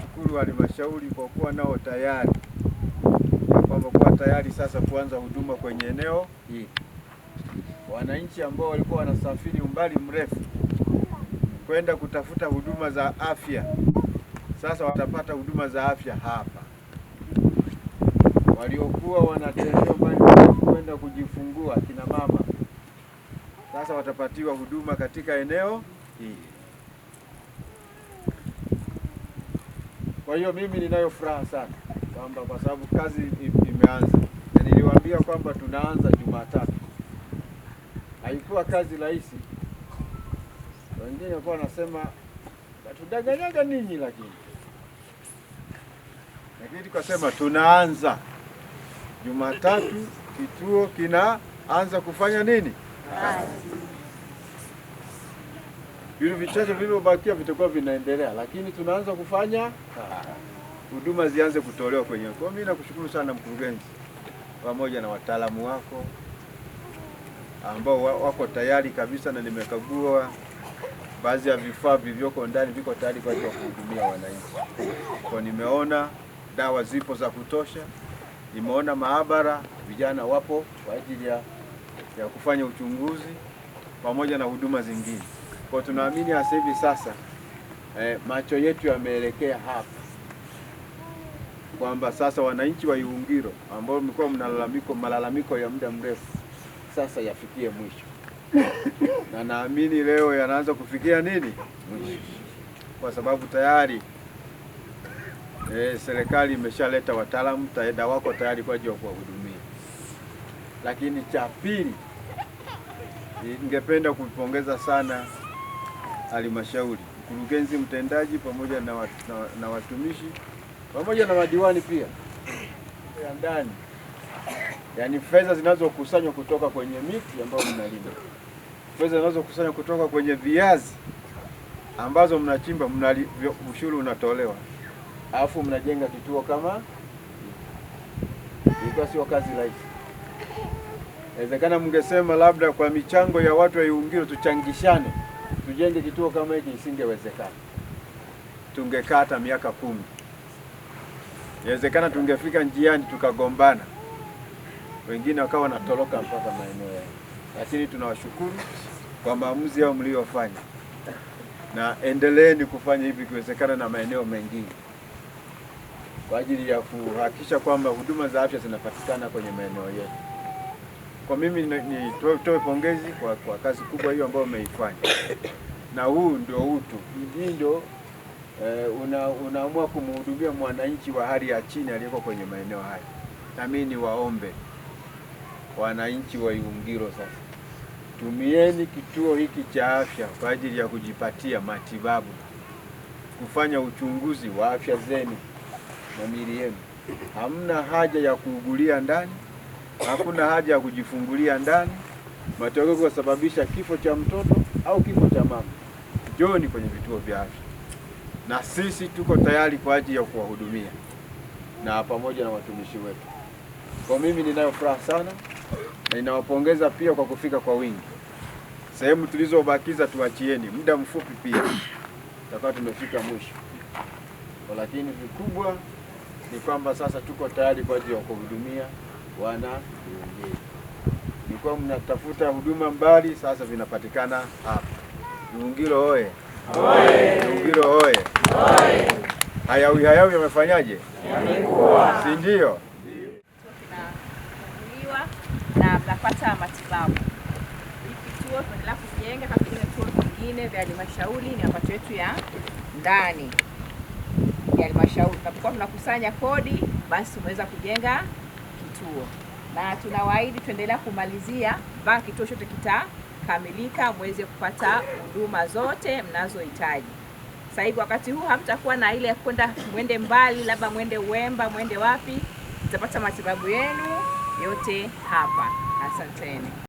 Shukuru halmashauri kwa kuwa nao tayari na tayari sasa kuanza huduma kwenye eneo hili. Wananchi ambao walikuwa wanasafiri umbali mrefu kwenda kutafuta huduma za afya sasa watapata huduma za afya hapa. Waliokuwa wanatembea mbali kwenda kujifungua, kina mama sasa watapatiwa huduma katika eneo hili. Kwa hiyo mimi ninayo furaha sana kwamba kwa sababu kazi imeanza, na niliwaambia kwamba tunaanza Jumatatu. Haikuwa kazi rahisi, wengine walikuwa wanasema tudanganyaga ninyi, lakini lakini tukasema tunaanza Jumatatu, kituo kinaanza kufanya nini? Vitu vichache vilivyobakia vitakuwa vinaendelea, lakini tunaanza kufanya ah, huduma zianze kutolewa kwenye. Kwa mimi nakushukuru sana mkurugenzi, pamoja na wataalamu wako ambao wako tayari kabisa, na nimekagua baadhi ya vifaa vilivyoko ndani viko tayari kwa ajili ya kuhudumia wananchi. Kwa nimeona dawa zipo za kutosha, nimeona maabara, vijana wapo kwa ajili ya ya kufanya uchunguzi pamoja na huduma zingine. Kwa tunaamini hasa hivi sasa eh, macho yetu yameelekea hapa kwamba sasa wananchi wa Iwungilo ambao mlikuwa mnalalamiko malalamiko ya muda mrefu sasa yafikie mwisho na naamini leo yanaanza kufikia nini mwisho, kwa sababu tayari eh, serikali imeshaleta wataalamu taeda wako tayari kwa ajili ya kuwahudumia. Lakini cha pili, ningependa kumpongeza sana halmashauri, mkurugenzi mtendaji pamoja na, wat, na, na watumishi pamoja na madiwani pia ya ndani, yaani fedha zinazokusanywa kutoka kwenye miti ambayo mnalima, fedha zinazokusanywa kutoka kwenye viazi ambazo mnachimba, mna ushuru unatolewa, alafu mnajenga kituo kama, ilikuwa sio kazi rahisi. Inawezekana mngesema labda kwa michango ya watu wa tuchangishane tujenge kituo kama hiki, isingewezekana. Tungekaa hata miaka kumi. Inawezekana tungefika njiani tukagombana, wengine wakawa wanatoroka mpaka maeneo yao, lakini tunawashukuru kwa maamuzi yao mliyofanya, na endeleeni kufanya hivi ikiwezekana na maeneo mengine kwa ajili ya kuhakikisha kwamba huduma za afya zinapatikana kwenye maeneo yetu. Kwa mimi nitoe pongezi kwa, kwa kazi kubwa hiyo ambayo umeifanya, na huu ndio utu. Hii ndio eh, una, unaamua kumhudumia mwananchi wa hali ya chini aliyeko kwenye maeneo haya, na mimi niwaombe wananchi wa Iwungilo sasa tumieni kituo hiki cha afya kwa ajili ya kujipatia matibabu, kufanya uchunguzi wa afya zenu na miili yenu. Hamna haja ya kuugulia ndani. Hakuna haja ya kujifungulia ndani, matokeo kusababisha kifo cha mtoto au kifo cha mama. joni kwenye vituo vya afya, na sisi tuko tayari kwa ajili ya kuwahudumia na pamoja na watumishi wetu. Kwa mimi ninayo furaha sana na ninawapongeza pia kwa kufika kwa wingi. Sehemu tulizobakiza tuachieni muda mfupi, pia tutakuwa tumefika mwisho, lakini vikubwa ni kwamba sasa tuko tayari kwa ajili ya kuhudumia wana tuongee. Nilikuwa mnatafuta huduma mbali, sasa vinapatikana hapa. Luhungilo oye! Luhungilo oye! Hayawi hayawi yamefanyaje? Yamekuwa, si ndio? Tunahudumiwa na mnapata matibabu. Hiki kituo tunaendelea kujenga kama vile vituo vingine vya halmashauri, ni mapato yetu ya ndani ya halmashauri. Tunapokuwa tunakusanya kodi, basi tumeweza kujenga kituo, na tunawaahidi tuendelea kumalizia mpaka kituo chote kitakamilika, mweze kupata huduma zote mnazohitaji. Sasa hivi wakati huu hamtakuwa na ile ya kwenda mwende mbali, labda mwende Uwemba, mwende wapi, mtapata matibabu yenu yote hapa. Asanteni.